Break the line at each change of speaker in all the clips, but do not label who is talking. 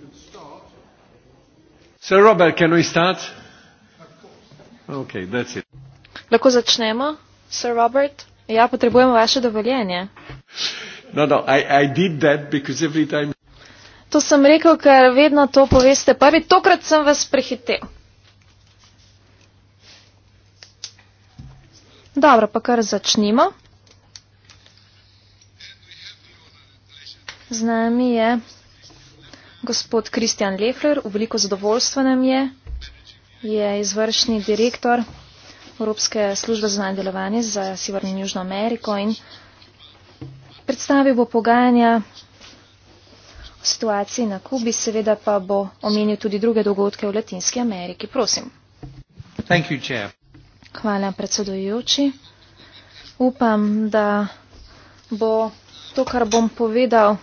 you can start. Sir Robert, can we start? Of course. Okay, that's it.
Lahko začnemo, Sir Robert? Ja, potrebujemo vaše dovoljenje.
No, no, I, I did that because every time.
To sem rekel, ker vedno to poveste prvi. Tokrat sem vas prehitel. Dobro, pa kar začnimo. Z nami je Gospod Kristjan Lefler, v veliko zadovoljstvo nam je, je izvršni direktor Evropske službe za najdelovanje za Severno in Južno Ameriko in predstavil bo pogajanja o situaciji na Kubi, seveda pa bo omenil tudi druge dogodke v Latinski Ameriki. Prosim. You, Hvala, predsedujoči. Upam, da bo to, kar bom povedal,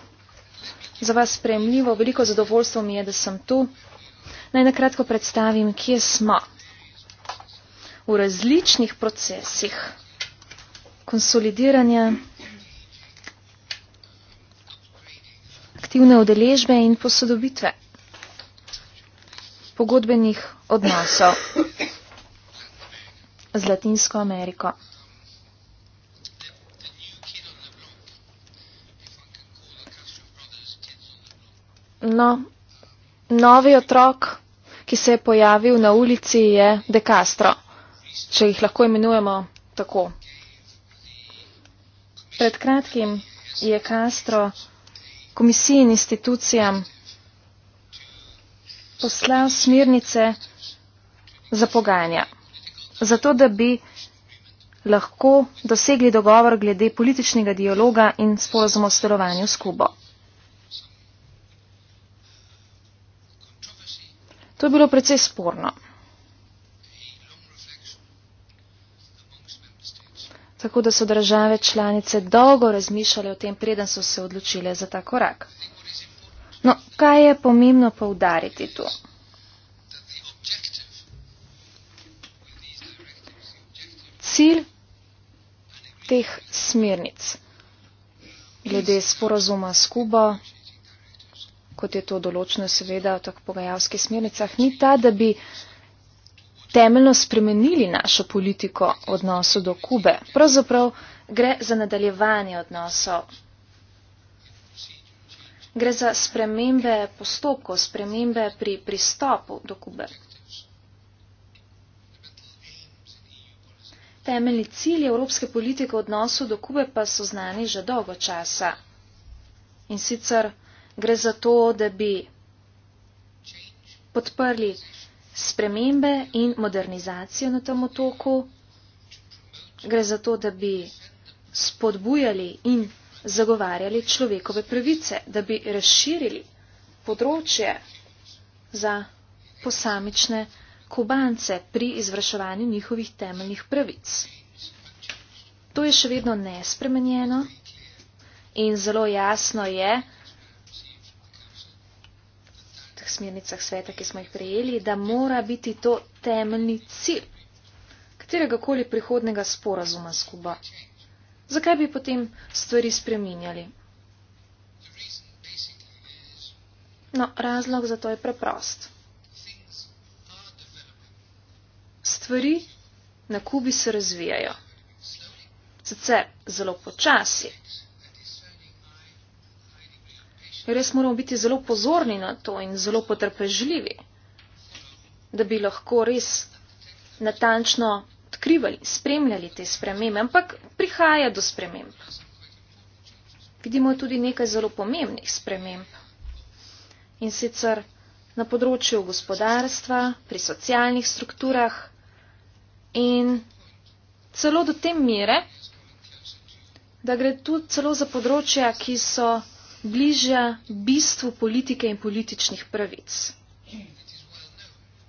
za vas sprejemljivo. Veliko zadovoljstvo mi je, da sem tu. Naj nakratko predstavim, kje smo. V različnih procesih konsolidiranja aktivne udeležbe in posodobitve pogodbenih odnosov z Latinsko Ameriko. No, novi otrok, ki se je pojavil na ulici, je De Castro, če jih lahko imenujemo tako. Pred kratkim je Castro komisiji in institucijam poslal smirnice za pogajanja, zato da bi lahko dosegli dogovor glede političnega dialoga in sporozumostelovanja s Kubo. To je bilo precej sporno. Tako da so države članice dolgo razmišljale o tem, preden so se odločile za ta korak. No, kaj je pomembno poudariti tu? Cilj teh smernic glede sporozuma s Kubo kot je to določeno seveda v tako pogajalskih smernicah, ni ta, da bi temeljno spremenili našo politiko odnosu do Kube. Pravzaprav gre za nadaljevanje odnosov. Gre za spremembe postopkov, spremembe pri pristopu do Kube. Temeljni cilji evropske politike v odnosu do Kube pa so znani že dolgo časa. In sicer gre za to, da bi podprli spremembe in modernizacijo na tem otoku, gre za to, da bi spodbujali in zagovarjali človekove pravice, da bi razširili področje za posamične kubance pri izvrševanju njihovih temeljnih pravic. To je še vedno nespremenjeno in zelo jasno je, smernicah sveta, ki smo jih prejeli, da mora biti to temeljni cilj katerega koli prihodnega sporazuma s Kuba. Zakaj bi potem stvari spreminjali? No, razlog za to je preprost. Stvari na Kubi se razvijajo. Sicer zelo počasi, Res moramo biti zelo pozorni na to in zelo potrpežljivi, da bi lahko res natančno odkrivali, spremljali te spremembe, ampak prihaja do sprememb. Vidimo tudi nekaj zelo pomembnih sprememb in sicer na področju gospodarstva, pri socialnih strukturah in celo do te mere, da gre tudi celo za področja, ki so bližja bistvu politike in političnih pravic.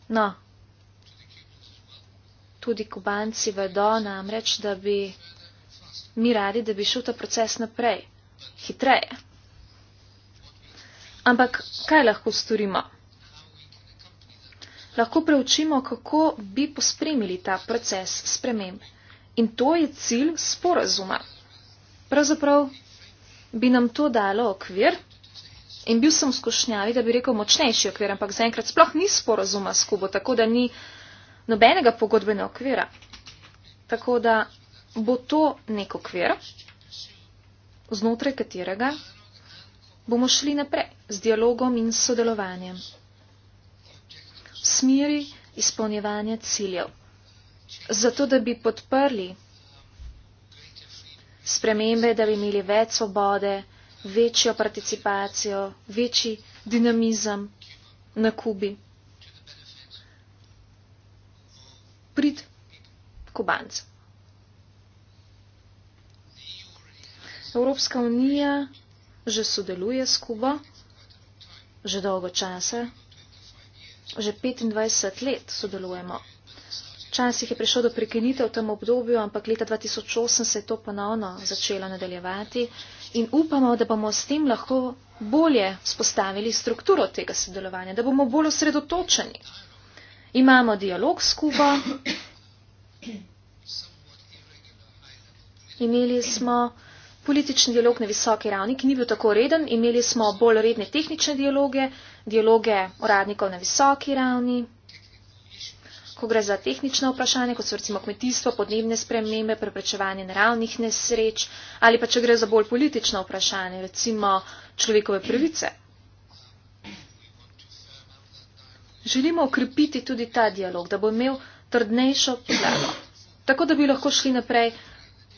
No, tudi kubanci vedo namreč, da bi mi radi, da bi šel ta proces naprej, hitreje. Ampak kaj lahko storimo? Lahko preučimo, kako bi pospremili ta proces sprememb. In to je cilj sporazuma. Pravzaprav bi nam to dalo okvir in bil sem v skušnjavi, da bi rekel močnejši okvir, ampak zaenkrat sploh ni sporazuma s Kubo, tako da ni nobenega pogodbenega okvira. Tako da bo to nek okvir, znotraj katerega bomo šli naprej z dialogom in sodelovanjem v smeri izpolnjevanja ciljev. Zato, da bi podprli spremembe, da bi imeli več svobode, večjo participacijo, večji dinamizem na Kubi. Prid Kubanc. Evropska unija že sodeluje s Kubo, že dolgo časa, že 25 let sodelujemo. Včasih je prišlo do prekinitev v tem obdobju, ampak leta 2008 se je to ponovno začelo nadaljevati in upamo, da bomo s tem lahko bolje spostavili strukturo tega sodelovanja, da bomo bolj osredotočeni. Imamo dialog s Kubo. Imeli smo politični dialog na visoki ravni, ki ni bil tako reden. Imeli smo bolj redne tehnične dialoge, dialoge uradnikov na visoki ravni ko gre za tehnična vprašanja, kot so recimo kmetijstvo, podnebne spremembe, preprečevanje naravnih nesreč ali pa če gre za bolj politična vprašanja, recimo človekove pravice. Želimo okrepiti tudi ta dialog, da bo imel trdnejšo podlago, tako da bi lahko šli naprej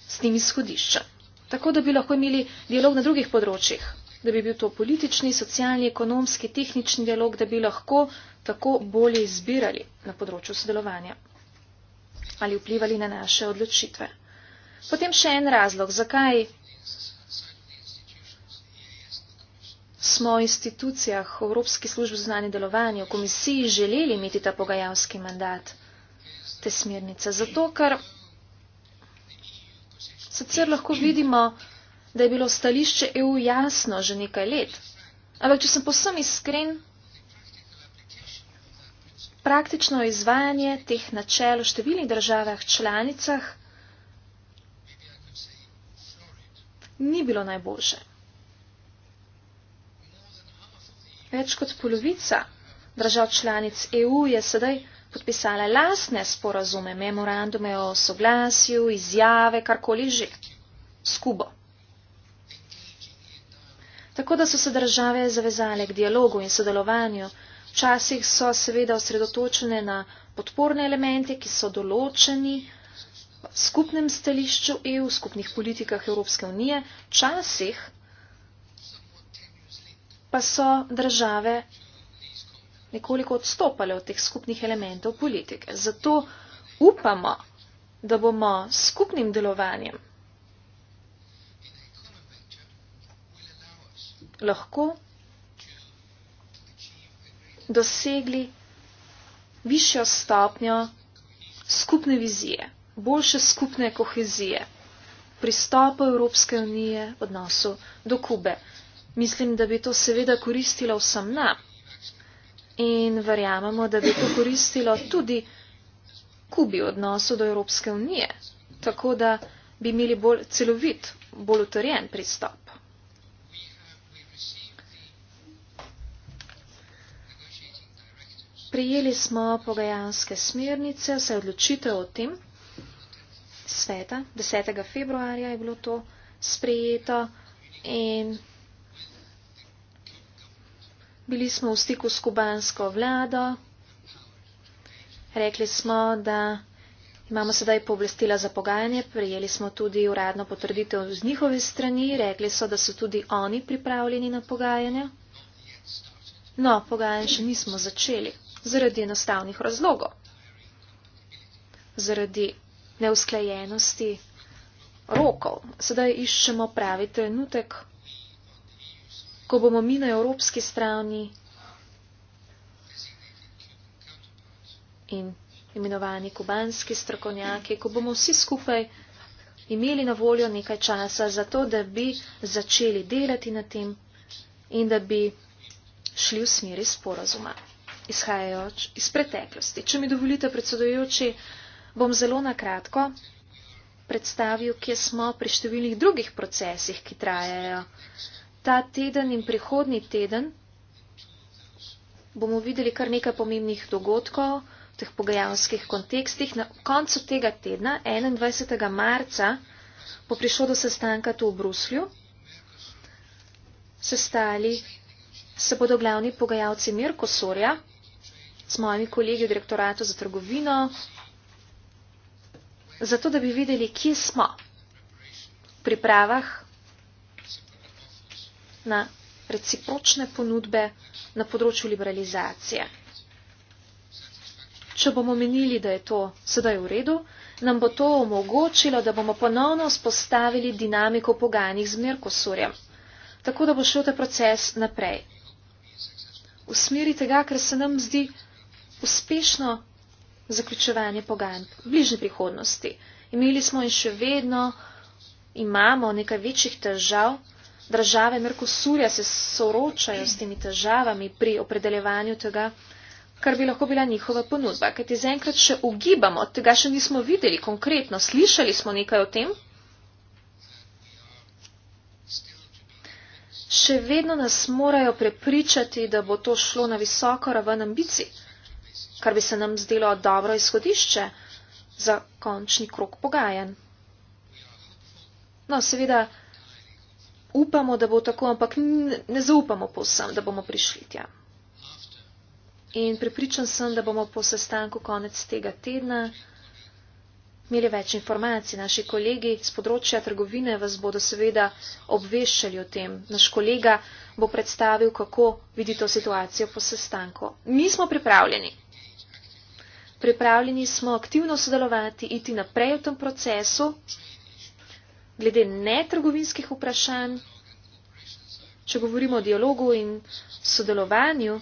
s tem izhodiščem, tako da bi lahko imeli dialog na drugih področjih, da bi bil to politični, socialni, ekonomski, tehnični dialog, da bi lahko tako bolje izbirali na področju sodelovanja ali vplivali na naše odločitve. Potem še en razlog, zakaj smo v institucijah Evropske službe za znanje delovanje v komisiji želeli imeti ta pogajalski mandat, te smernice. Zato, ker sicer lahko vidimo, da je bilo stališče EU jasno že nekaj let. Ampak, če sem posem iskren, praktično izvajanje teh načel v številnih državah članicah ni bilo najboljše. Več kot polovica držav članic EU je sedaj podpisala lastne sporazume, memorandume o soglasju, izjave, karkoli že, skubo. Tako da so se države zavezale k dialogu in sodelovanju, Včasih so seveda osredotočene na podporne elemente, ki so določeni v skupnem stališču EU, v skupnih politikah Evropske unije. Včasih pa so države nekoliko odstopale od teh skupnih elementov politike. Zato upamo, da bomo s skupnim delovanjem lahko dosegli višjo stopnjo skupne vizije, boljše skupne kohezije, pristopa Evropske unije v odnosu do Kube. Mislim, da bi to seveda koristilo vsem nam in verjamemo, da bi to koristilo tudi Kubi v odnosu do Evropske unije, tako da bi imeli bolj celovit, bolj utrjen pristop. Sprijeli smo pogajanske smernice, se odločitev o tem sveta, 10. februarja je bilo to sprejeto in bili smo v stiku s kubansko vlado. Rekli smo, da imamo sedaj pooblastila za pogajanje, prijeli smo tudi uradno potrditev z njihove strani, rekli so, da so tudi oni pripravljeni na pogajanje. No, pogajanj še nismo začeli zaradi enostavnih razlogov. Zaradi neusklajenosti rokov. Sedaj iščemo pravi trenutek, ko bomo mi na evropski strani in imenovani kubanski strokovnjaki, ko bomo vsi skupaj imeli na voljo nekaj časa za to, da bi začeli delati na tem in da bi šli v smeri sporazuma izhajajoč iz preteklosti. Če mi dovolite, predsedujoči, bom zelo na kratko predstavil, kje smo pri številnih drugih procesih, ki trajajo. Ta teden in prihodni teden bomo videli kar nekaj pomembnih dogodkov v teh pogajalskih kontekstih. Na koncu tega tedna, 21. marca, bo prišlo do sestanka tu v Bruslju. Sestali se bodo glavni pogajalci Mirko Sorja, s mojimi kolegi v direktoratu za trgovino, zato da bi videli, kje smo v pripravah na recipročne ponudbe na področju liberalizacije. Če bomo menili, da je to sedaj v redu, nam bo to omogočilo, da bomo ponovno vzpostavili dinamiko pogajanjih z Merkosurjem, tako da bo šel ta proces naprej. V smeri tega, ker se nam zdi, uspešno zaključevanje pogajanj v bližnji prihodnosti. Imeli smo in še vedno imamo nekaj večjih težav. Države Merkosurja se soročajo s temi težavami pri opredeljevanju tega, kar bi lahko bila njihova ponudba. Kaj ti zaenkrat še ugibamo, tega še nismo videli konkretno, slišali smo nekaj o tem. Še vedno nas morajo prepričati, da bo to šlo na visoko raven ambicij kar bi se nam zdelo dobro izhodišče za končni krok pogajen. No, seveda upamo, da bo tako, ampak ne zaupamo povsem, da bomo prišli tja. In pripričan sem, da bomo po sestanku konec tega tedna imeli več informacij. Naši kolegi z področja trgovine vas bodo seveda obveščali o tem. Naš kolega bo predstavil, kako vidi to situacijo po sestanku. Mi smo pripravljeni pripravljeni smo aktivno sodelovati, iti naprej v tem procesu, glede netrgovinskih vprašanj, če govorimo o dialogu in sodelovanju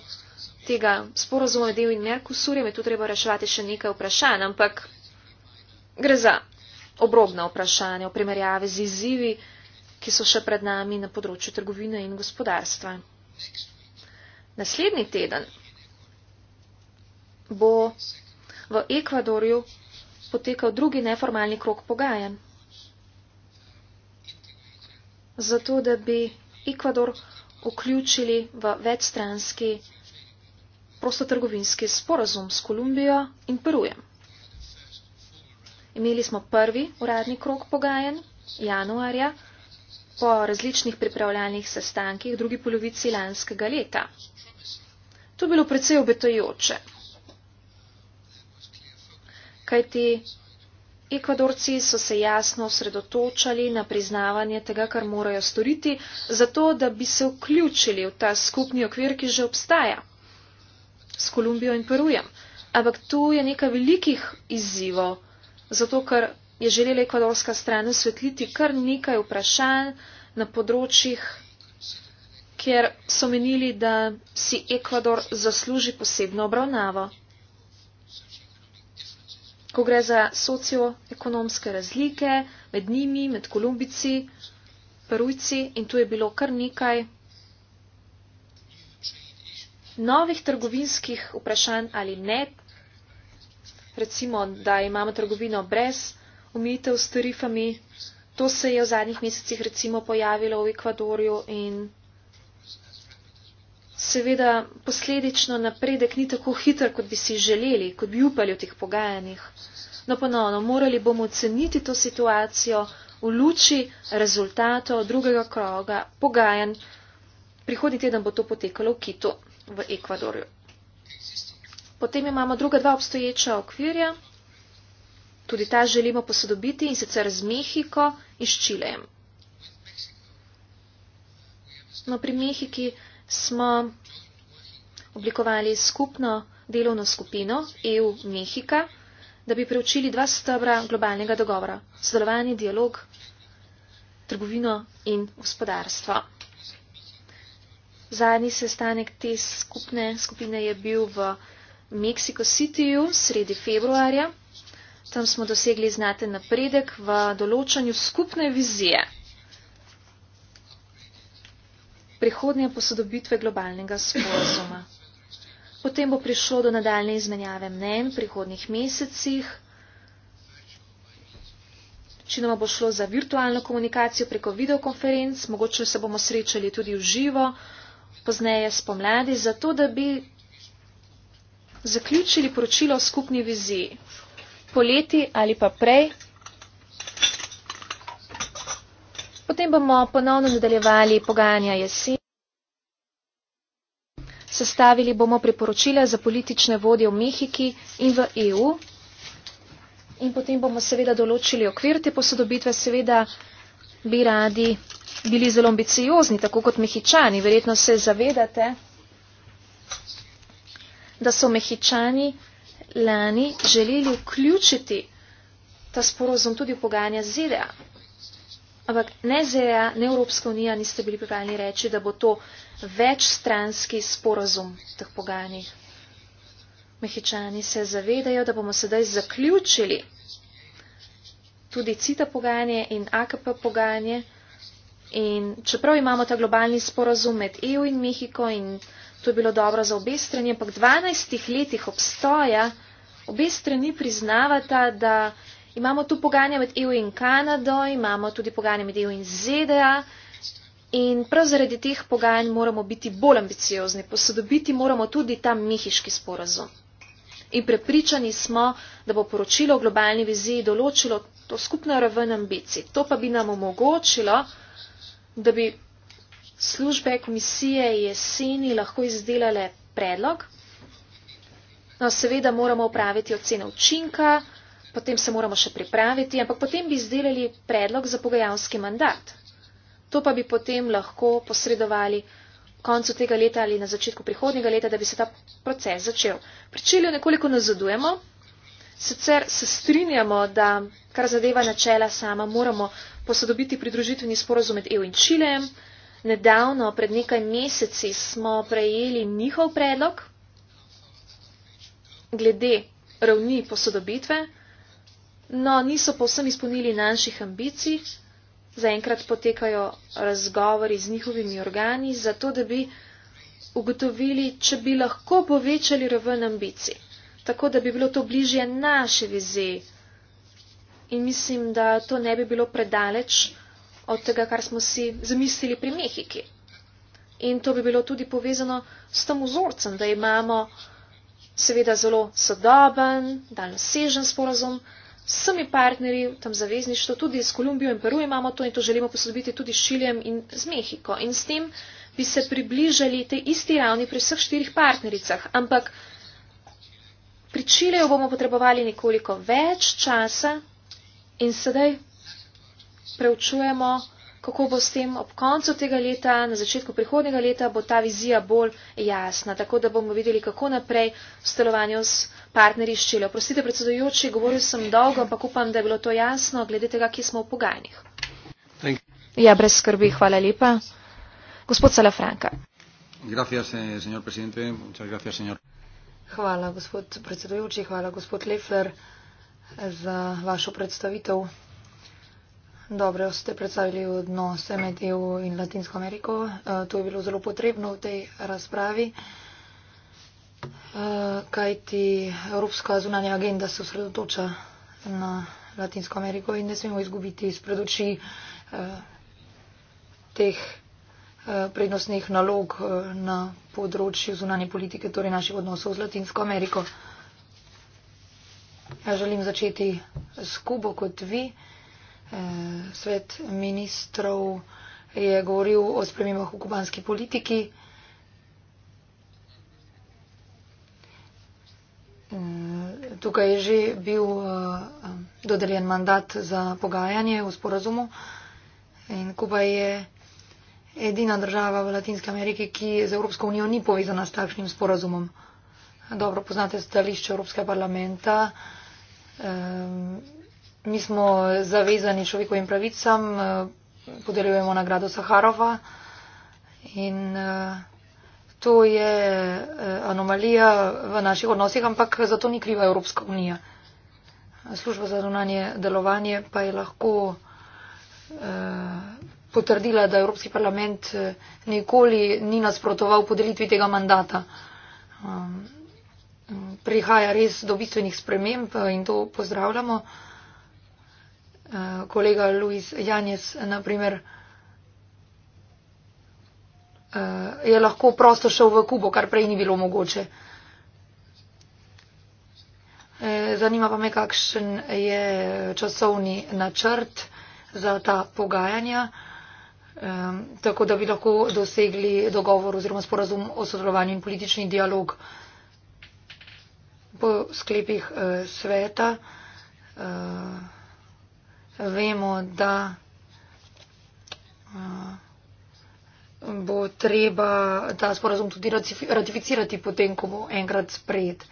tega sporozuma med EU in Merkusurjem, je tu treba reševati še nekaj vprašanj, ampak gre za obrobna vprašanja v primerjavi z izzivi, ki so še pred nami na področju trgovine in gospodarstva. Naslednji teden bo v Ekvadorju potekal drugi neformalni krok pogajanj. Zato, da bi Ekvador vključili v večstranski prostotrgovinski sporazum s Kolumbijo in Perujem. Imeli smo prvi uradni krok pogajanj januarja po različnih pripravljalnih sestankih drugi polovici lanskega leta. To je bilo precej obetajoče, kajti ekvadorci so se jasno osredotočali na priznavanje tega, kar morajo storiti, zato da bi se vključili v ta skupni okvir, ki že obstaja s Kolumbijo in Perujem. Ampak tu je nekaj velikih izzivov, zato ker je želela ekvadorska stran osvetliti kar nekaj vprašanj na področjih, kjer so menili, da si Ekvador zasluži posebno obravnavo ko gre za socioekonomske razlike med njimi, med Kolumbici, Perujci in tu je bilo kar nekaj novih trgovinskih vprašanj ali ne. Recimo, da imamo trgovino brez omejitev s tarifami. To se je v zadnjih mesecih recimo pojavilo v Ekvadorju in seveda posledično napredek ni tako hiter, kot bi si želeli, kot bi upali v teh pogajanjih. No ponovno, morali bomo oceniti to situacijo v luči rezultatov drugega kroga pogajanj. Prihodnji teden bo to potekalo v Kitu v Ekvadorju. Potem imamo druga dva obstoječa okvirja, tudi ta želimo posodobiti in sicer z Mehiko in s Čilejem. No, pri Mehiki smo oblikovali skupno delovno skupino EU-Mehika, da bi preučili dva stebra globalnega dogovora - sodelovanje, dialog, trgovino in gospodarstvo. Zadnji sestanek te skupne skupine je bil v Mexico Cityju sredi februarja. Tam smo dosegli znaten napredek v določanju skupne vizije. prihodnje posodobitve globalnega sporozuma. Potem bo prišlo do nadaljne izmenjave mnen v prihodnih mesecih. Večinoma bo šlo za virtualno komunikacijo preko videokonferenc, mogoče se bomo srečali tudi v živo, pozneje spomladi, zato da bi zaključili poročilo o skupni viziji. Poleti ali pa prej Potem bomo ponovno nadaljevali pogajanja jesen. Sestavili bomo priporočila za politične vodje v Mehiki in v EU. In potem bomo seveda določili okvir te posodobitve. Seveda bi radi bili zelo ambiciozni, tako kot mehičani. Verjetno se zavedate, da so mehičani lani želeli vključiti ta sporozum tudi v pogajanja z ZDA. Ampak ne ZEA, ne Evropska unija niste bili pripravljeni reči, da bo to večstranski sporazum v teh pogajanjih. Mehičani se zavedajo, da bomo sedaj zaključili tudi CITA pogajanje in AKP pogajanje. In čeprav imamo ta globalni sporazum med EU in Mehiko in to je bilo dobro za obe strani, ampak 12 letih obstoja, obe strani priznavata, da. Imamo tu pogajanja med EU in Kanado, imamo tudi pogajanja med EU in ZDA in prav zaradi teh pogajanj moramo biti bolj ambiciozni, posodobiti moramo tudi ta mihiški sporazum. In prepričani smo, da bo poročilo o globalni viziji določilo to skupno raven ambicij. To pa bi nam omogočilo, da bi službe komisije jeseni lahko izdelale predlog. No, seveda moramo upraviti ocene učinka potem se moramo še pripraviti, ampak potem bi izdelali predlog za pogajalski mandat. To pa bi potem lahko posredovali koncu tega leta ali na začetku prihodnjega leta, da bi se ta proces začel. Pričeljo nekoliko nazadujemo, sicer se strinjamo, da kar zadeva načela sama, moramo posodobiti pridružitveni sporozum med EU in Čilejem. Nedavno, pred nekaj meseci, smo prejeli njihov predlog glede ravni posodobitve. No, niso povsem izpolnili naših ambicij. Zaenkrat potekajo razgovori z njihovimi organi, zato da bi ugotovili, če bi lahko povečali raven ambicij, tako da bi bilo to bližje naše vizije. In mislim, da to ne bi bilo predaleč od tega, kar smo si zamislili pri Mehiki. In to bi bilo tudi povezano s tem vzorcem, da imamo seveda zelo sodoben, daljnosežen sporazum, s vsemi partnerji tam zavezništvo, tudi s Kolumbijo in Peru imamo to in to želimo posodobiti tudi s Šiljem in z Mehiko. In s tem bi se približali tej isti ravni pri vseh štirih partnericah. Ampak pri Čileju bomo potrebovali nekoliko več časa in sedaj preučujemo, kako bo s tem ob koncu tega leta, na začetku prihodnega leta, bo ta vizija bolj jasna. Tako da bomo videli, kako naprej v stelovanju s partnerji ščilijo. Prostite, predsedujoči, govoril sem dolgo, ampak upam, da je bilo to jasno, glede tega, ki smo v pogajanjih. Ja, brez skrbi,
hvala lepa. Gospod Salafranka. Eh, hvala, gospod predsedujoči, hvala, gospod Lefler, za vašo predstavitev. Dobro, ste predstavili odnose med EU in Latinsko Ameriko. Eh, to je bilo zelo potrebno v tej razpravi. Eh, kajti Evropska zunanja agenda se osredotoča na Latinsko Ameriko in ne smemo izgubiti izpred oči eh, teh eh, prednostnih nalog na področju zunanje politike, torej naših odnosov z Latinsko Ameriko. Ja želim začeti s Kubo kot vi. Svet ministrov je govoril o spremembah v kubanski politiki. tukaj je že bil eh, dodeljen mandat za pogajanje v sporazumu in Kuba je edina država v Latinske Amerike, ki z Evropsko unijo ni povezana s takšnim sporazumom. Dobro poznate stališče Evropskega parlamenta. Eh, mi smo zavezani človekovim pravicam, eh, podeljujemo nagrado Saharova in to je eh, anomalija v naših odnosih, ampak za to ni kriva Evropska unija. Služba za zunanje delovanje pa je lahko eh, potrdila, da Evropski parlament eh, nikoli ni nasprotoval podelitvi tega mandata. Um, prihaja res do bistvenih sprememb in to pozdravljamo. Kolega Luis Janjes, na primer, Eh, je lahko prosto šel v Kubo, kar prej ni bilo mogoče. Eh, zanima pa me, kakšen je časovni načrt za ta pogajanja, eh, tako da bi lahko dosegli dogovor oziroma sporazum o sodelovanju in politični dialog po sklepih sveta. Vemo, da bo treba ta sporazum tudi ratificirati, potem, ko bo enkrat sprejet.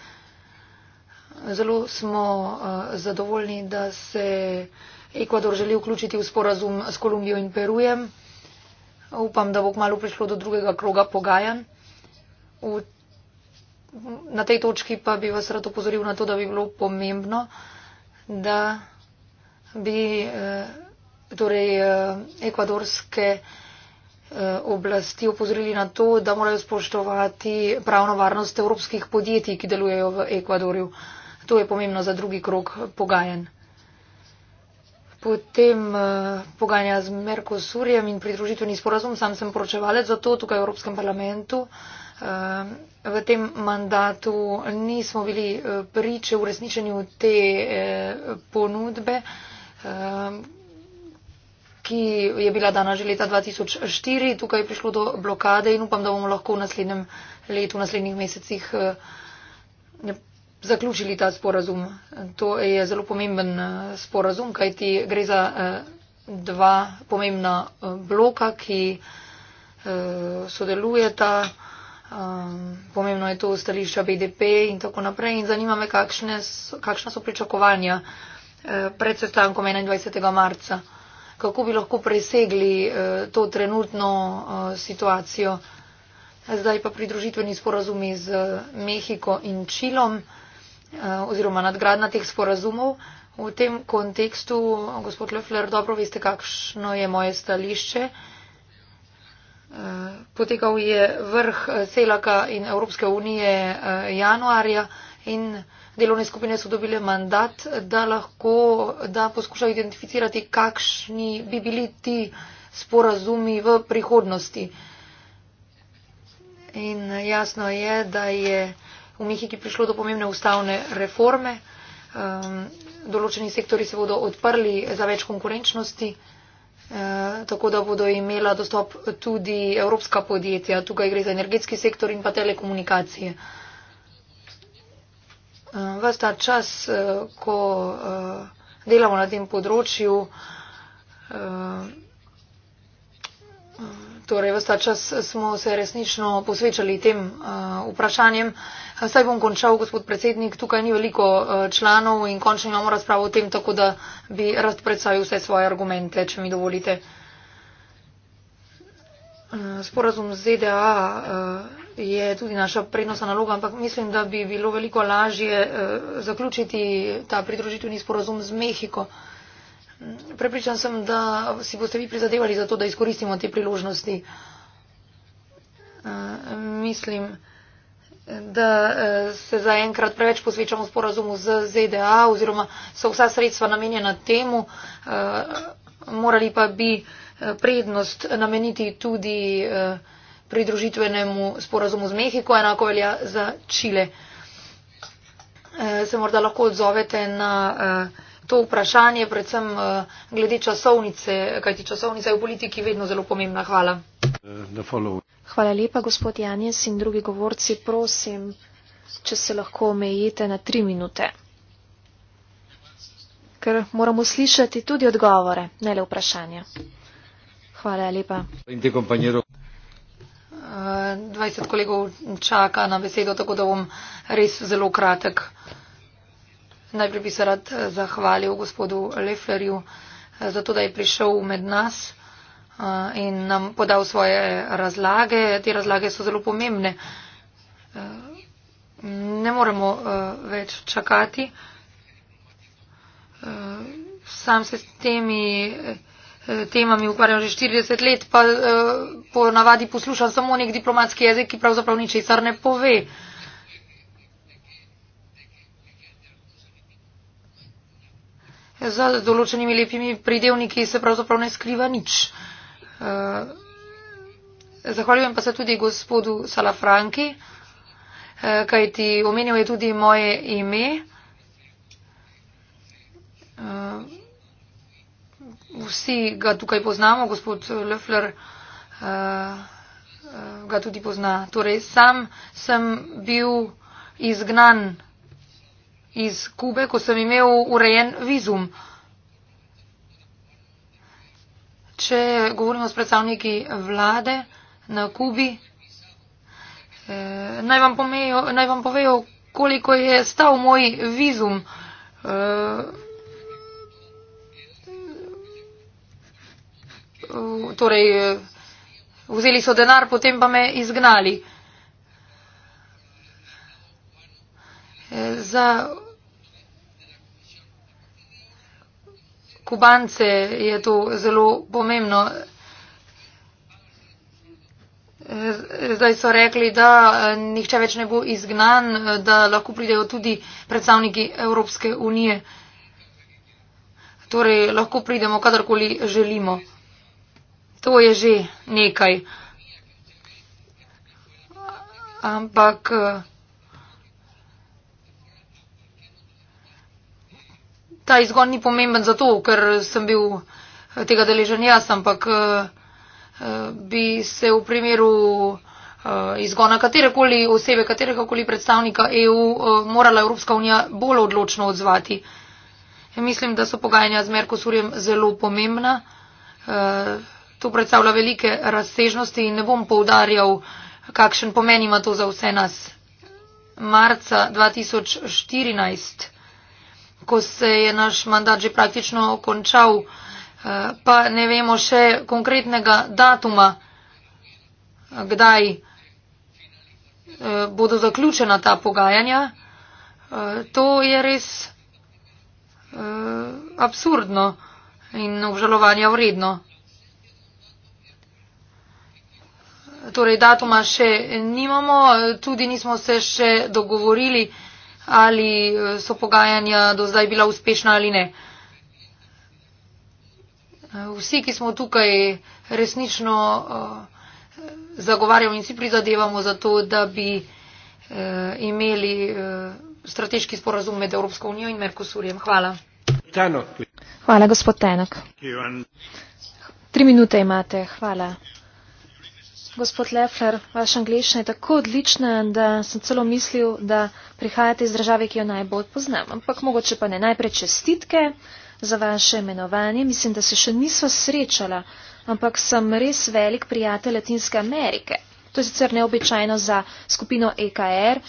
Zelo smo uh, zadovoljni, da se Ekvador želi vključiti v sporazum s Kolumbijo in Perujem. Upam, da bo kmalo prišlo do drugega kroga pogajanj. V, na tej točki pa bi vas rad opozoril na to, da bi bilo pomembno, da bi uh, torej, uh, ekvadorske. Uh, Eh, oblasti opozorili na to, da morajo spoštovati pravno varnost evropskih podjetij, ki delujejo v Ekvadorju. To je pomembno za drugi krok pogajen. Potem eh, pogajanja z Merkosurjem in pridružitveni sporazum. Sam sem poročevalec za to tukaj v Evropskem parlamentu. Eh, v tem mandatu nismo bili priče v resničenju te ponudbe ki je bila dana že leta 2004. Tukaj je prišlo do blokade in upam, da bomo lahko v naslednjem letu, v naslednjih mesecih eh, zaključili ta sporazum. To je zelo pomemben eh, sporazum, kajti gre za eh, dva pomembna bloka, ki sodelujeta. Pomembno je to stališča BDP in tako naprej. In zanima me, kakšne, kakšna so pričakovanja pred sestankom 21. marca kako bi lahko presegli eh, to trenutno eh, situacijo. Zdaj pa pridružitveni sporazumi z Mehiko in Čilom eh, oziroma nadgradna teh sporazumov. V tem kontekstu, gospod Lefler, dobro veste, kakšno je moje stališče. Potekal je vrh Celaka in Evropske unije januarja in delovne skupine so dobile mandat, da lahko da poskušajo identificirati, kakšni bi bili ti sporazumi v prihodnosti. In jasno je, da je v Mehiki prišlo do pomembne ustavne reforme. Um, določeni sektori se bodo odprli za več konkurenčnosti, eh, tako da bodo imela dostop tudi evropska podjetja. Tukaj gre za energetski sektor in pa telekomunikacije. Eh, Eh, ves ta čas, eh, ko eh, delamo na tem področju, torej ves ta čas smo se resnično posvečali tem vprašanjem. Saj bom končal, gospod predsednik, tukaj ni veliko članov in končno imamo razpravo o tem, tako da bi rad predstavil vse svoje argumente, če mi dovolite. Sporazum z ZDA je tudi naša prednostna naloga, ampak mislim, da bi bilo veliko lažje eh, zaključiti ta pridružitveni sporozum z Mehiko. Prepričan sem, da si boste vi prizadevali za to, da izkoristimo te priložnosti. Eh, mislim, da eh, se zaenkrat preveč posvečamo sporozumu z ZDA oziroma so vsa sredstva namenjena temu, morali pa bi prednost nameniti tudi pridružitvenemu sporazumu z Mehiko, enako velja za Čile. Eh, se morda lahko odzovete na eh, to vprašanje, predvsem eh, glede časovnice, kajti časovnica je v politiki vedno zelo pomembna. Hvala.
Hvala lepa, gospod Janjes in drugi govorci. Prosim, če se lahko omejite na tri minute. Ker moramo slišati tudi odgovore, ne le vprašanja. Hvala lepa.
20 kolegov čaka na besedo, tako da bom res zelo kratek. Najprej bi se rad eh, zahvalil gospodu Leflerju eh, za to, da je prišel med nas eh, in nam podal svoje razlage. Te razlage so zelo pomembne. Ne moremo več čakati. Sam se s temi. Eh, temami ukvarjam že 40 let, pa eh, po navadi poslušam samo nek diplomatski jezik, ki pravzaprav ničesar ne pove. Za določenimi lepimi pridevniki se pravzaprav ne skriva nič. Eh, zahvaljujem pa se tudi gospodu Salafranki, kajti omenil je tudi moje ime. vsi ga tukaj poznamo, gospod Löfler eh, eh, ga tudi pozna. Torej, sam sem bil izgnan iz Kube, ko sem imel urejen vizum. Če govorimo s predstavniki vlade na Kubi, eh, naj vam, pomejo, naj vam povejo, koliko je stal moj vizum. Eh, torej eh, vzeli so denar, potem pa me izgnali. Eh, za kubance je to zelo pomembno. Zdaj so rekli, da nihče več ne bo izgnan, da lahko pridejo tudi predstavniki Evropske unije. Torej, lahko pridemo, kadarkoli želimo. To je že nekaj. Ampak eh, ta izgon ni pomemben zato, ker sem bil eh, tega deležen jaz, ampak eh, bi se v primeru izgona katerekoli osebe, katerekoli predstavnika EU morala Evropska unija bolj odločno odzvati. Mislim, da so pogajanja z Merkosurjem zelo pomembna. Uh, To predstavlja velike razsežnosti in ne bom poudarjal, kakšen pomen ima to za vse nas. Marca 2014, ko se je naš mandat že praktično končal, eh, pa ne vemo še konkretnega datuma, kdaj eh, bodo zaključena ta pogajanja, eh, to je res absurdno in obžalovanja vredno. torej datuma še nimamo, tudi nismo se še dogovorili, ali eh, so pogajanja do zdaj bila uspešna ali ne. Eh, vsi, ki smo tukaj, resnično eh, zagovarjamo in si prizadevamo za to, da bi imeli strateški sporazum med Evropsko unijo in Merkosurjem. Hvala.
Tenok. Hvala, gospod Tenok. Tri minute imate. Hvala. Gospod Lefler, vaš angliščina je tako odlična, da sem celo mislil, da prihajate iz države, ki jo najbolj poznam. Ampak mogoče pa ne najprej čestitke za vaše imenovanje. Mislim, da se še nisva srečala, ampak sem res velik prijatelj Latinske Amerike. To je sicer neobičajno za skupino EKR.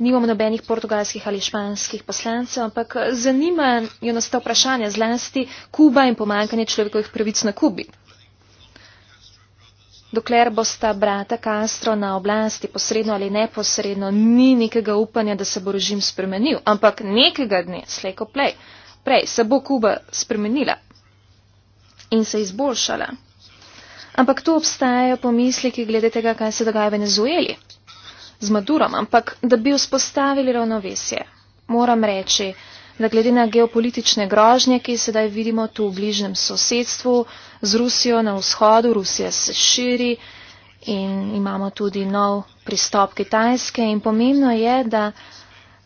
Nimamo nobenih portugalskih ali španskih poslancev, ampak zanimajo nas ta vprašanja zlasti Kuba in pomankanje človekovih pravic na Kubi. Dokler bosta brata Castro na oblasti, posredno ali neposredno, ni nekega upanja, da se bo režim spremenil. Ampak nekega dne, slejko prej, prej se bo Kuba spremenila in se izboljšala. Ampak tu obstajajo pomisleki glede tega, kaj se dogaja v Venezueli z Madurom. Ampak da bi vzpostavili ravnovesje, moram reči, da glede na geopolitične grožnje, ki sedaj vidimo tu v bližnjem sosedstvu, z Rusijo na vzhodu, Rusija se širi in imamo tudi nov pristop Kitajske in pomembno je, da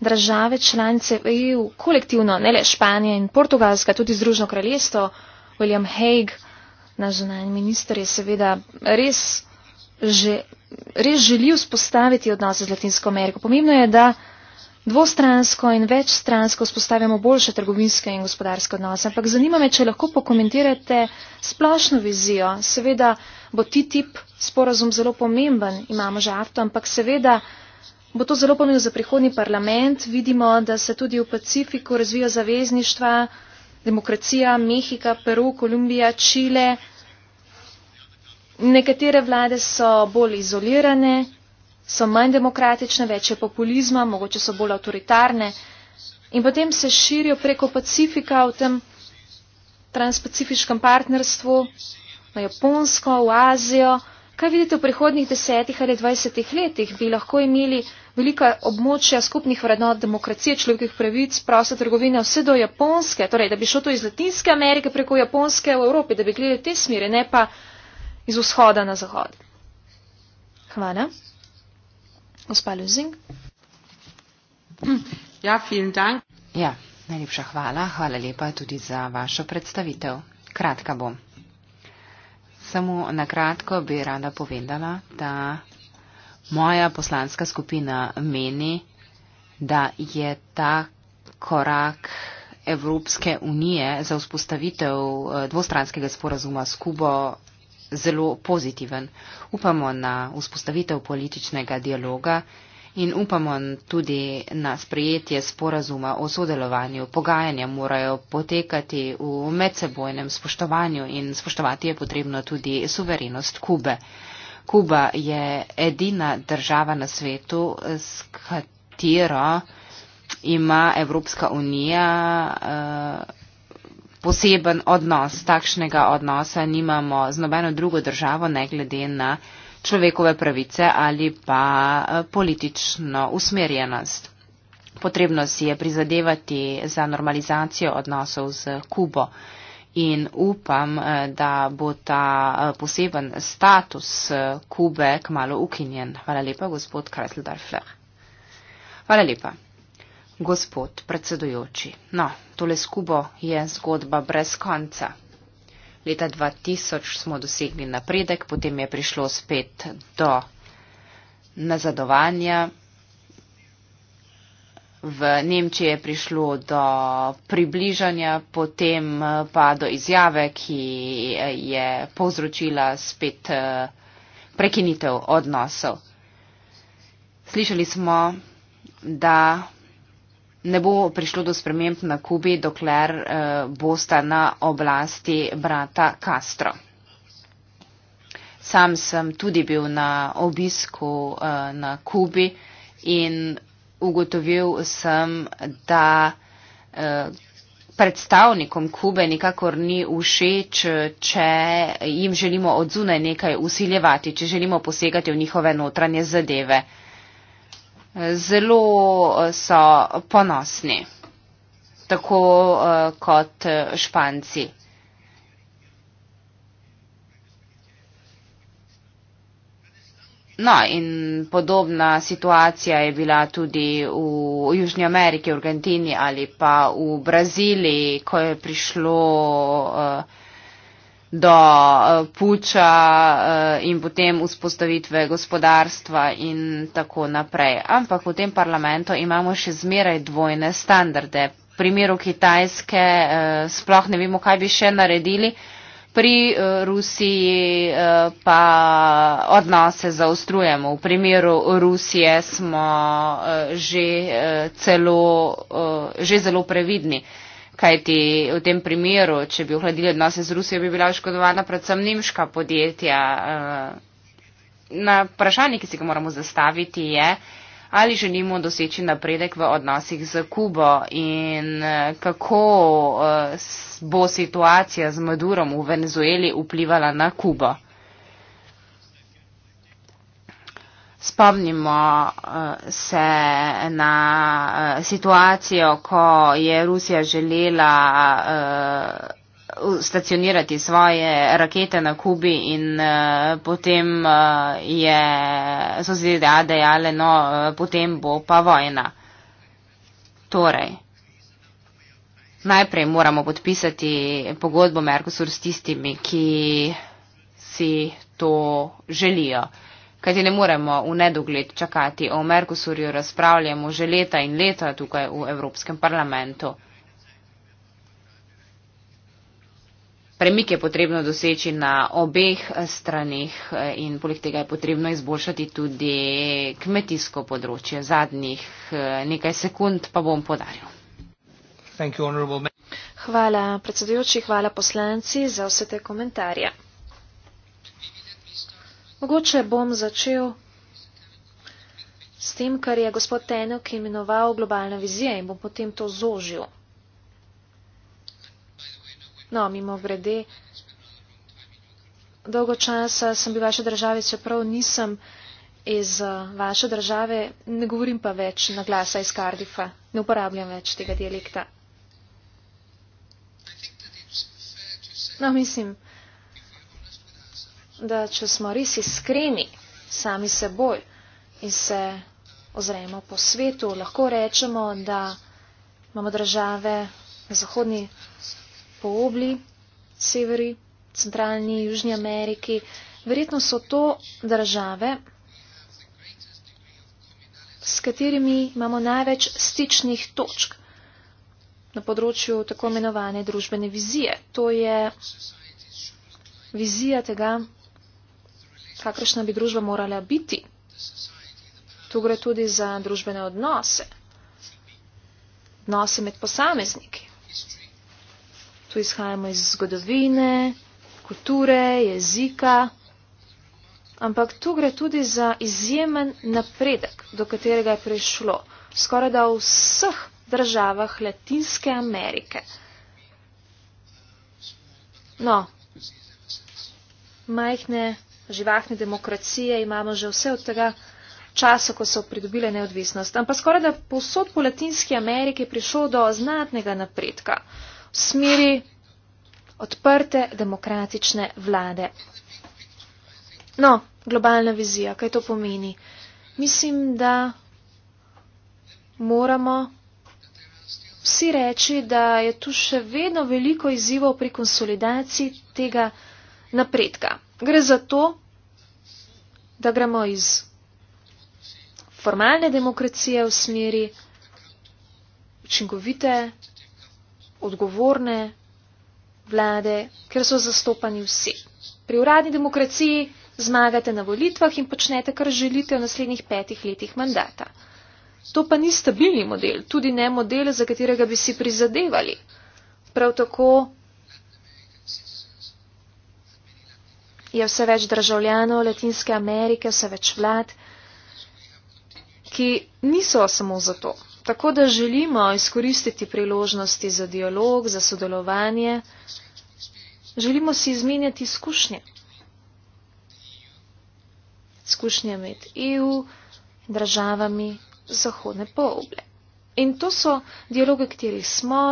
države članice EU, kolektivno, ne le Španija in Portugalska, tudi Združno kraljestvo, William Hague, naš zunanji minister, je seveda res, že, res želi vzpostaviti odnose z Latinsko Ameriko. Pomembno je, da dvostransko in večstransko vzpostavljamo boljše trgovinske in gospodarske odnose. Ampak zanima me, če lahko pokomentirate splošno vizijo. Seveda bo ti tip sporazum zelo pomemben, imamo že avto, ampak seveda bo to zelo pomembno za prihodni parlament. Vidimo, da se tudi v Pacifiku razvija zavezništva, demokracija, Mehika, Peru, Kolumbija, Čile. Nekatere vlade so bolj izolirane, so manj demokratične, več je populizma, mogoče so bolj avtoritarne in potem se širijo preko Pacifika v tem transpacifiškem partnerstvu, na Japonsko, v Azijo. Kaj vidite v prihodnih desetih ali dvajsetih letih? Bi lahko imeli velika območja skupnih vrednot demokracije, človekih pravic, proste trgovine, vse do Japonske, torej da bi šlo to iz Latinske Amerike preko Japonske v Evropi, da bi gledali te smere, ne pa iz vzhoda na zahod. Hvala. Gospa Lozing. Ja, vielen Dank.
Ja, najlepša hvala. Hvala lepa tudi za vašo predstavitev. Kratka bom. Samo na kratko bi rada povedala, da moja poslanska skupina meni, da je ta korak Evropske unije za vzpostavitev eh, dvostranskega sporazuma s Kubo zelo pozitiven. Upamo na vzpostavitev političnega dialoga in upamo tudi na sprejetje sporazuma o sodelovanju. Pogajanja morajo potekati v medsebojnem spoštovanju in spoštovati je potrebno tudi suverenost Kube. Kuba je edina država na svetu, s katero ima Evropska unija. Uh, poseben odnos, takšnega odnosa nimamo z nobeno drugo državo, ne glede na človekove pravice ali pa eh, politično usmerjenost. Potrebno si je prizadevati za normalizacijo odnosov z Kubo in upam, eh, da bo ta eh, poseben status Kube kmalo ukinjen. Hvala lepa, gospod Kresl Darfler. Hvala lepa. Gospod predsedujoči, no, tole skubo je zgodba brez konca. Leta 2000 smo dosegli napredek, potem je prišlo spet do nazadovanja. V Nemčiji je prišlo do približanja, potem eh, pa do izjave, ki eh, je povzročila spet eh, prekinitev odnosov. Slišali smo, da ne bo prišlo do sprememb na Kubi, dokler uh, bosta na oblasti brata Castro. Sam sem tudi bil na obisku uh, na Kubi in ugotovil sem, da uh, predstavnikom Kube nikakor ni všeč, če jim želimo odzune nekaj usiljevati, če želimo posegati v njihove notranje zadeve. Uh, zelo eh, so ponosni, tako eh, kot eh, Španci. No in podobna situacija je bila tudi v Južnji Ameriki, v Argentini ali pa v Braziliji, ko je prišlo uh, do eh, puča eh, in potem vzpostavitve gospodarstva in tako naprej. Ampak v tem parlamentu imamo še zmeraj dvojne standarde. V primeru Kitajske eh, sploh ne vemo, kaj bi še naredili. Pri Rusiji pa odnose zaostrujemo. V primeru Rusije smo že, celo, že zelo previdni kajti v tem primeru, če bi ohladili odnose z Rusijo, bi bila oškodovana predvsem nemška podjetja. Eh, na vprašanje, ki si ga moramo zastaviti, je, ali želimo doseči napredek v odnosih z Kubo in eh, kako eh, bo situacija z Madurom v Venezueli vplivala na Kubo. Spomnimo eh, se na eh, situacijo, ko je Rusija želela eh, stacionirati svoje rakete na Kubi in potem je, so ZDA dejale, no, potem bo pa vojna. Torej, najprej moramo podpisati pogodbo Merkosur s tistimi, ki si to želijo kajti ne moremo v nedogled čakati. O Merkusurju razpravljamo že leta in leta tukaj v Evropskem parlamentu. Premik je potrebno doseči na obeh stranih eh, in poleg tega je potrebno izboljšati tudi kmetijsko področje. Zadnjih eh, nekaj sekund pa bom podaril.
Hvala predsedujoči, hvala poslanci za vse te komentarje. Mogoče bom začel s tem, kar je gospod Tenok imenoval globalna vizija in bom potem to zožil. No, mimo grede, dolgo časa sem bil v vaši državi, čeprav nisem iz eh, vaše države, ne govorim pa več na glasa iz Kardifa, ne uporabljam več tega dialekta. No, mislim, da če smo res iskreni sami seboj in se ozremo po svetu, lahko rečemo, da imamo države na zahodni poobli, severi, centralni, južni Ameriki. Verjetno so to države, s katerimi imamo največ stičnih točk na področju tako imenovane družbene vizije. To je vizija tega, kakršna bi družba morala biti. Tu gre tudi za družbene odnose, odnose med posamezniki. Tu izhajamo iz zgodovine, kulture, jezika, ampak tu gre tudi za izjemen napredek, do katerega je prišlo skoraj da v vseh državah Latinske Amerike. No, majhne živahne demokracije imamo že vse od tega časa, ko so pridobile neodvisnost. Ampak skoraj da povsod po Latinski Ameriki je prišlo do znatnega napredka v smeri odprte demokratične vlade. No, globalna vizija, kaj to pomeni? Mislim, da moramo vsi reči, da je tu še vedno veliko izzivov pri konsolidaciji tega napredka. Gre za to, da gremo iz formalne demokracije v smeri učinkovite, odgovorne vlade, ker so zastopani vsi. Pri uradni demokraciji zmagate na volitvah in počnete, kar želite v naslednjih petih letih mandata. To pa ni stabilni model, tudi ne model, za katerega bi si prizadevali. Prav tako je vse več državljanov Latinske Amerike, vse več vlad, ki niso samo zato. Tako da želimo izkoristiti priložnosti za dialog, za sodelovanje. Želimo si izmenjati izkušnje. Izkušnje med EU in državami Zahodne pooble. In to so dialoge, kateri smo,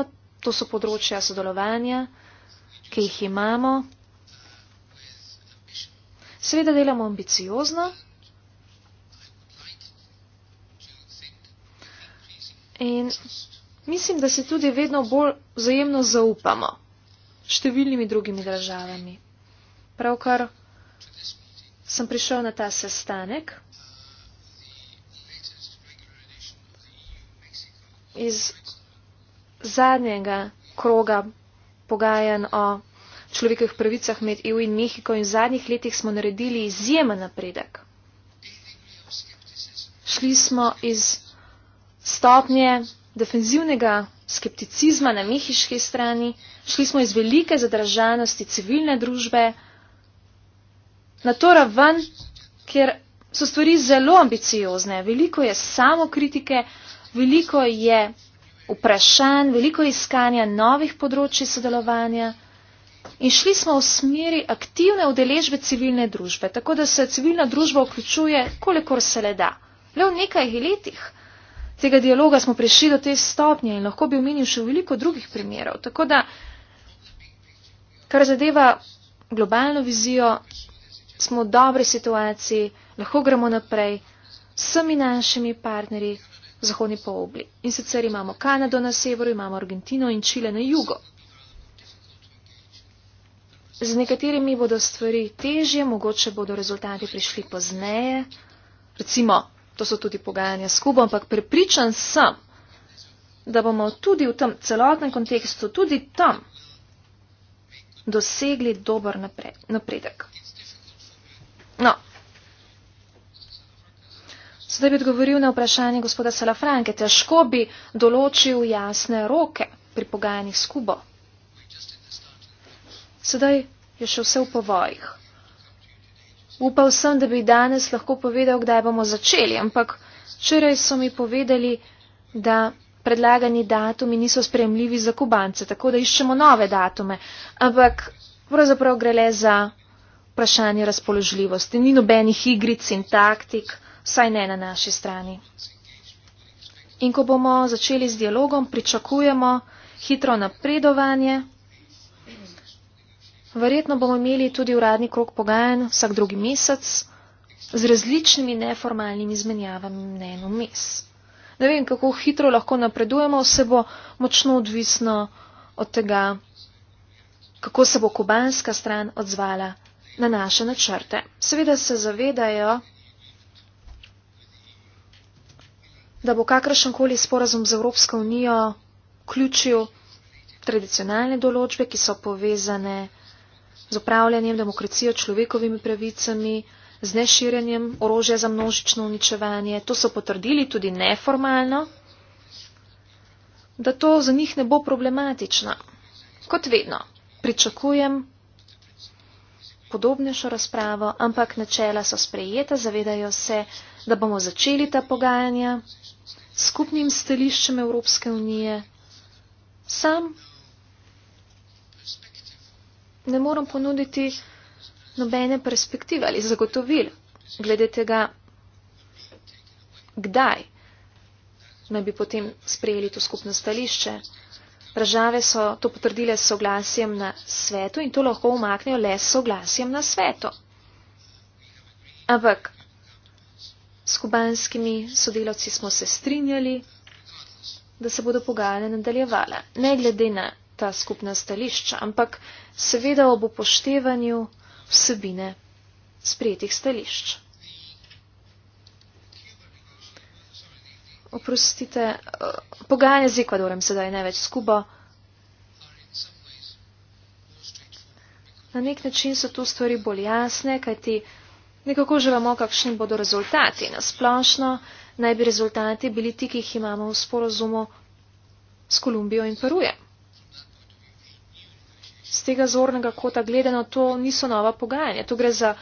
to so področja sodelovanja, ki jih imamo. Seveda delamo ambiciozno in mislim, da se tudi vedno bolj vzajemno zaupamo številnimi drugimi državami. Pravkar sem prišel na ta sestanek iz zadnjega kroga pogajanj o človekovih pravicah med EU in Mehiko in v zadnjih letih smo naredili izjemen napredek. Šli smo iz stopnje defenzivnega skepticizma na mehiški strani, šli smo iz velike zadržanosti civilne družbe na to raven, kjer so stvari zelo ambiciozne, veliko je samokritike, veliko je vprašanj, veliko je iskanja novih področji sodelovanja. In šli smo v smeri aktivne udeležbe civilne družbe, tako da se civilna družba vključuje, kolikor se le da. Le v nekaj letih tega dialoga smo prišli do te stopnje in lahko bi omenil še veliko drugih primerov. Tako da, kar zadeva globalno vizijo, smo v dobri situaciji, lahko gremo naprej s vsemi našimi partnerji v Zahodni polobli. In sicer imamo Kanado na severu, imamo Argentino in Čile na jugu z nekaterimi bodo stvari težje, mogoče bodo rezultati prišli pozneje. Recimo, to so tudi pogajanja s Kubo, ampak prepričan sem, da bomo tudi v tem celotnem kontekstu, tudi tam, dosegli dober napredek. No. Zdaj bi odgovoril na vprašanje gospoda Salafranke. Težko bi določil jasne roke pri pogajanjih s Kubo sedaj je še vse v povojih. Upal sem, da bi danes lahko povedal, kdaj bomo začeli, ampak včeraj so mi povedali, da predlagani datumi niso spremljivi za kubance, tako da iščemo nove datume. Ampak pravzaprav gre le za vprašanje razpoložljivosti. Ni nobenih igric in taktik, saj ne na naši strani. In ko bomo začeli z dialogom, pričakujemo hitro napredovanje. Verjetno bomo imeli tudi uradni krok pogajanj vsak drugi mesec z različnimi neformalnimi izmenjavami mnen v mes. Ne vem, kako hitro lahko napredujemo, vse bo močno odvisno od tega, kako se bo kubanska stran odzvala na naše načrte. Seveda se zavedajo, da bo kakršenkoli sporazum z Evropsko unijo vključil tradicionalne določbe, ki so povezane z upravljanjem demokracijo človekovimi pravicami, z neširjanjem orožja za množično uničevanje. To so potrdili tudi neformalno, da to za njih ne bo problematično. Kot vedno, pričakujem podobnejšo razpravo, ampak načela so sprejeta, zavedajo se, da bomo začeli ta pogajanja s skupnim stališčem Evropske unije. Sam ne morem ponuditi nobene perspektive ali zagotovil glede tega, kdaj naj bi potem sprejeli to skupno stališče. Države so to potrdile s soglasjem na svetu in to lahko umaknejo le s soglasjem na svetu. Ampak s kubanskimi sodelavci smo se strinjali, da se bodo pogajanja nadaljevala, ne glede na ta skupna stališča, ampak seveda ob upoštevanju vsebine sprejetih stališč. Oprostite, eh, pogajanje z Ekvadorem sedaj največ skuba. Na nek način so tu stvari bolj jasne, kajti nekako že vemo, kakšni bodo rezultati. Nasplošno naj bi rezultati bili ti, ki jih imamo v sporozumu s Kolumbijo in Perujem z tega zornega kota gledano, to niso nova pogajanja. To gre za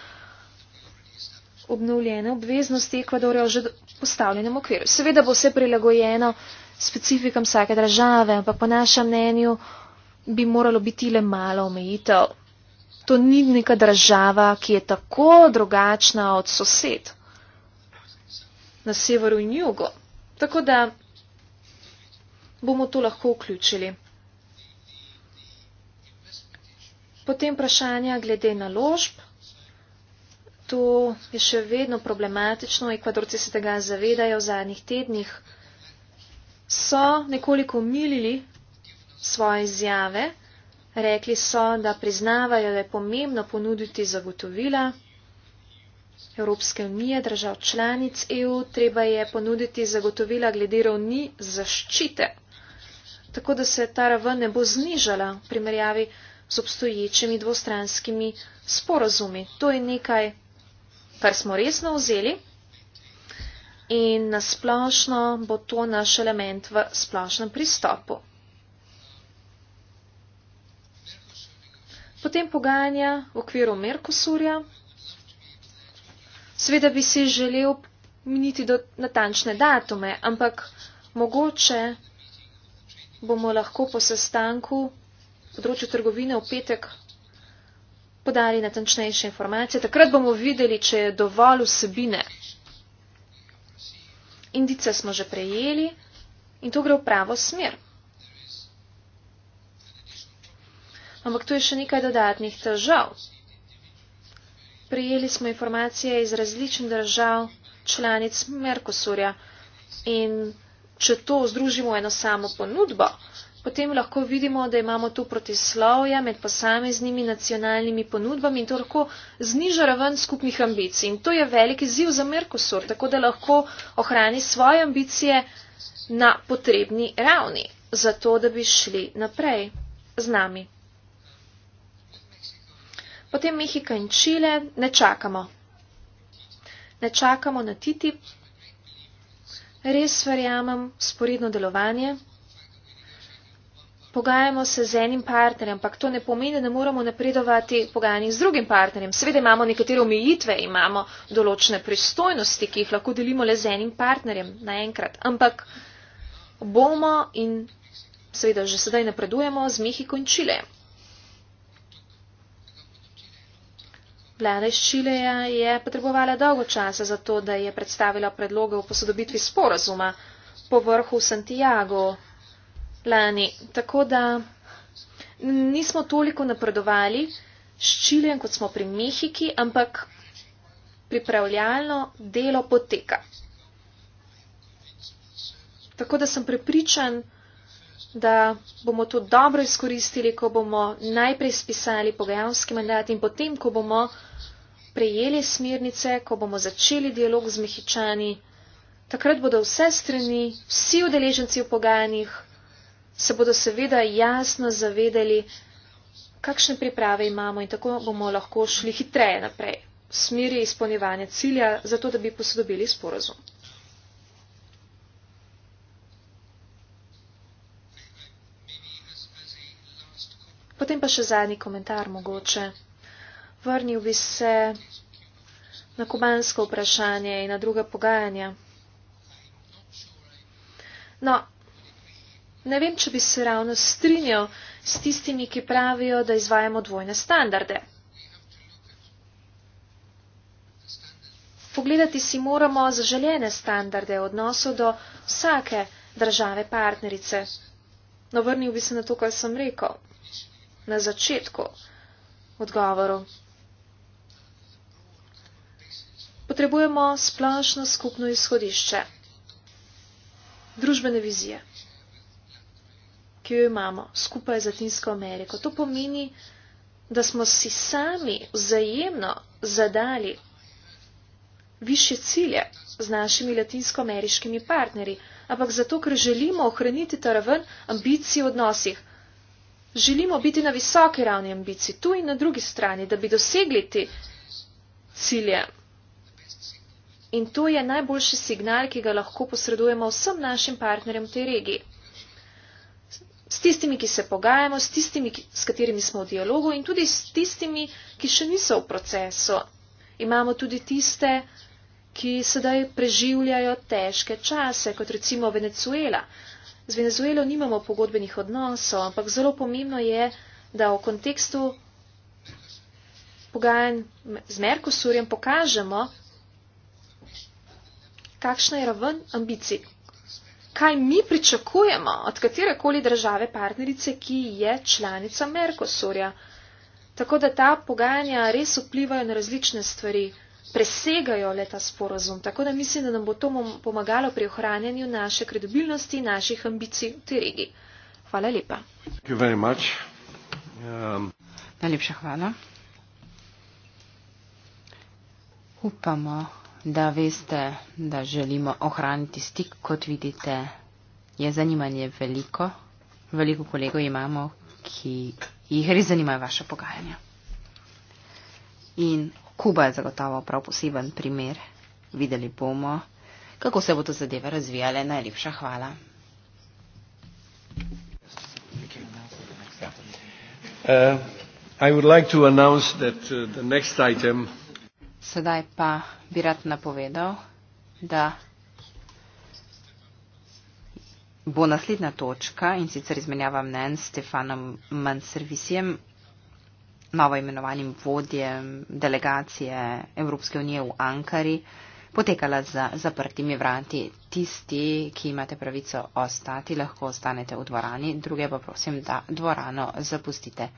obnovljene obveznosti Ekvadorja v že postavljenem okviru. Seveda bo vse prilagojeno specifikam vsake države, ampak po našem mnenju bi moralo biti le malo omejitev. To ni neka država, ki je tako drugačna od sosed na severu in jugu. Tako da bomo to lahko vključili. Potem vprašanja glede naložb. To je še vedno problematično. Ekvadorci se tega zavedajo v zadnjih tednih. So nekoliko umilili svoje izjave. Rekli so, da priznavajo, da je pomembno ponuditi zagotovila Evropske unije, držav članic EU, treba je ponuditi zagotovila glede ravni zaščite, tako da se ta raven ne bo znižala v primerjavi z obstoječimi dvostranskimi sporazumi. To je nekaj, kar smo resno vzeli in nasplošno bo to naš element v splošnem pristopu. Potem pogajanja v okviru Merkosurja. Sveda bi si želel miniti do natančne datume, ampak mogoče bomo lahko po sestanku področju trgovine v petek podali natančnejše informacije. Takrat bomo videli, če je dovolj vsebine. Indice smo že prejeli in to gre v pravo smer. Ampak tu je še nekaj dodatnih težav. Prijeli smo informacije iz različnih držav članic Merkosurja in če to združimo v eno samo ponudbo, potem lahko vidimo, da imamo tu protislovja med posameznimi nacionalnimi ponudbami in to lahko zniža raven skupnih ambicij. In to je veliki ziv za Merkosur, tako da lahko ohrani svoje ambicije na potrebni ravni, zato da bi šli naprej z nami. Potem Mehika in Čile, ne čakamo. Ne čakamo na Titi. Res verjamem, sporedno delovanje pogajamo se z enim partnerjem, ampak to ne pomeni, da ne moramo napredovati pogajanjih z drugim partnerjem. Seveda imamo nekatere omejitve, imamo določene pristojnosti, ki jih lahko delimo le z enim partnerjem naenkrat. Ampak bomo in seveda že sedaj napredujemo z Mehiko in Čilejem. Vlada iz Čileja je potrebovala dolgo časa za to, da je predstavila predloge o posodobitvi sporazuma po vrhu Santiago lani. Tako da nismo toliko napredovali s Čilijem, kot smo pri Mehiki, ampak pripravljalno delo poteka. Tako da sem prepričan, da bomo to dobro izkoristili, ko bomo najprej spisali pogajalski mandat in potem, ko bomo prejeli smernice, ko bomo začeli dialog z mehičani, takrat bodo vse strani, vsi udeleženci v pogajanjih se bodo seveda jasno zavedali, kakšne priprave imamo in tako bomo lahko šli hitreje naprej v smeri izpolnjevanja cilja, zato da bi posodobili sporozum. Potem pa še zadnji komentar mogoče. Vrnil bi se na kubansko vprašanje in na druga pogajanja. No, Ne vem, če bi se ravno strinjal s tistimi, ki pravijo, da izvajamo dvojne standarde. Pogledati si moramo zaželjene standarde odnosov do vsake države partnerice. No, vrnil bi se na to, kar sem rekel na začetku odgovoru. Potrebujemo splošno skupno izhodišče, družbene vizije ki jo imamo skupaj z Latinsko Ameriko. To pomeni, da smo si sami vzajemno zadali više cilje z našimi latinskoameriškimi partnerji, ampak zato, ker želimo ohraniti ta raven ambicij v odnosih. Želimo biti na visoki ravni ambicij, tu in na drugi strani, da bi dosegli te cilje. In to je najboljši signal, ki ga lahko posredujemo vsem našim partnerjem v tej regiji s tistimi, ki se pogajamo, s tistimi, s katerimi smo v dialogu in tudi s tistimi, ki še niso v procesu. Imamo tudi tiste, ki sedaj preživljajo težke čase, kot recimo Venezuela. Z Venezuelo nimamo pogodbenih odnosov, ampak zelo pomembno je, da v kontekstu pogajanj z Merkosurjem pokažemo, kakšna je raven ambicij kaj mi pričakujemo od katerekoli države partnerice, ki je članica Merkosurja. Tako da ta pogajanja res vplivajo na različne stvari, presegajo le ta sporozum. Tako da mislim, da nam bo to pomagalo pri ohranjanju naše kredibilnosti in naših ambicij v tej regiji. Hvala lepa.
Um. Najlepša hvala. Upamo, da veste, da želimo ohraniti stik, kot vidite, je zanimanje veliko. Veliko kolegov imamo, ki jih res zanimajo vaše pogajanja. In Kuba je zagotovo prav poseben primer. Videli bomo, kako se bodo zadeve razvijale. Najlepša hvala. Uh, I would like to announce that uh, the next item Sedaj pa bi rad napovedal, da bo naslednja točka in sicer izmenjava mnen s Stefanom Manservisijem, novoimenovanim vodjem delegacije Evropske unije v Ankari, potekala za zaprtimi vrati. Tisti, ki imate pravico ostati, lahko ostanete v dvorani, druge pa prosim, da dvorano zapustite.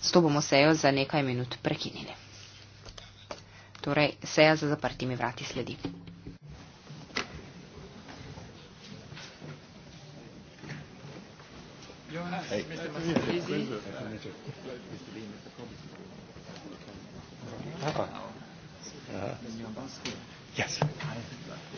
S to bomo sejo za nekaj minut prekinili. Torej, seja za zaprtimi vrati sledi. Jonas, hey.